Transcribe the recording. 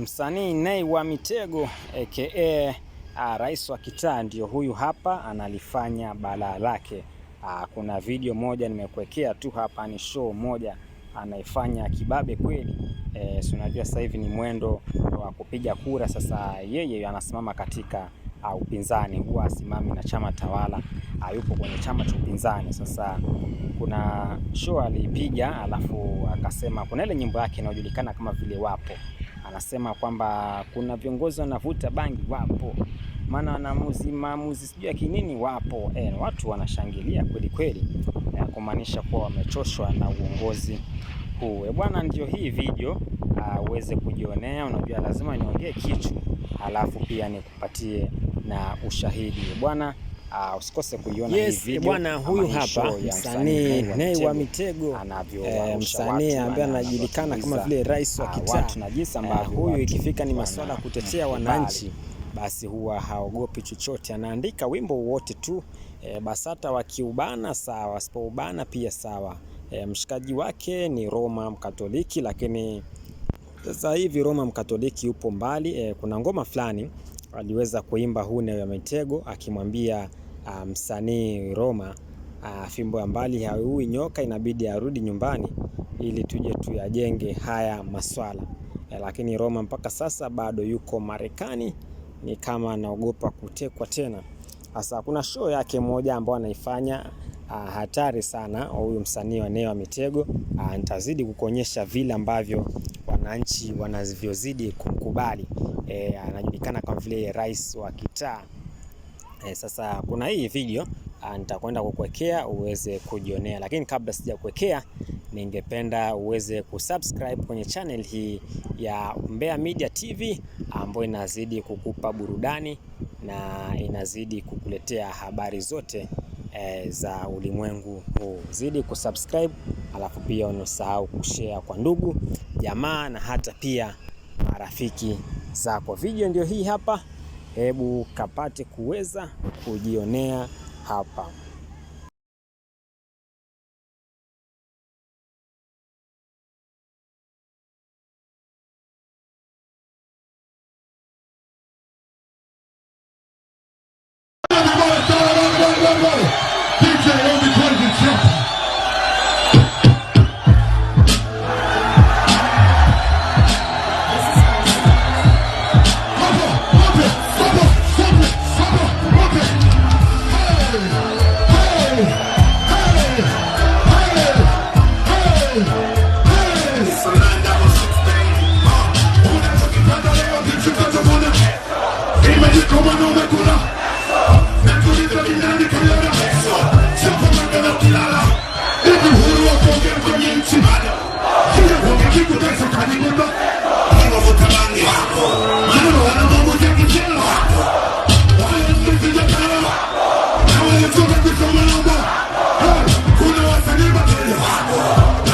Msanii Nay wa Mitego aka ah, Rais wa Kitaa ndio huyu hapa analifanya balaa lake. Ah, kuna video moja nimekuwekea tu hapa, ni show moja anaifanya kibabe kweli. E, si unajua sasa hivi ni mwendo wa kupiga kura. Sasa yeye anasimama katika uh, upinzani huwa asimami na chama tawala uh, yupo kwenye chama cha upinzani. Sasa kuna show aliipiga, alafu akasema kuna ile nyimbo yake inayojulikana kama vile wapo, anasema kwamba kuna viongozi wanavuta bangi wapo, maana wanamuzi maamuzi sijui ya kinini wapo eh, watu wanashangilia kweli kweli, eh, kumaanisha kuwa wamechoshwa na uongozi huu. bwana ndio hii video ah, uweze kujionea. Unajua lazima niongee kitu alafu pia nikupatie na ushahidi bwana. Uh, usikose kuiona yes, hii video bwana. Huyu hapa msanii Nay wa Mitego eh, msanii ambaye anajulikana kama vile rais wa ah, kitaa uh, huyu ikifika ni masuala ya kutetea wananchi, basi huwa haogopi chochote, anaandika wimbo wote tu E, BASATA wakiubana sawa, wasipoubana pia sawa. E, mshikaji wake ni Roma Mkatoliki, lakini sasa hivi Roma Mkatoliki yupo mbali. E, kuna ngoma fulani aliweza kuimba Hune ya Mitego akimwambia msanii Roma fimbo ya mbali hauui nyoka, inabidi arudi nyumbani ili tuje tuyajenge haya maswala e, lakini Roma mpaka sasa bado yuko Marekani, ni kama anaogopa kutekwa tena. Sasa kuna show yake moja ambayo anaifanya ah, hatari sana, huyu msanii wa Neo wa Mitego. Ah, nitazidi kukuonyesha vile ambavyo wananchi wanavyozidi kumkubali e, anajulikana kama vile rais wa kitaa e. Sasa kuna hii video Ah, nitakwenda kukuwekea uweze kujionea, lakini kabla sija kuwekea, ningependa uweze kusubscribe kwenye channel hii ya mbea Media TV ambayo inazidi kukupa burudani na inazidi kukuletea habari zote e, za ulimwengu huu. Zidi kusubscribe, alafu pia unasahau kushare kwa ndugu jamaa na hata pia marafiki zako. Video ndio hii hapa, hebu kapate kuweza kujionea Rapa. Mtu amejifanya nyumba, kuna wasanii mabili wako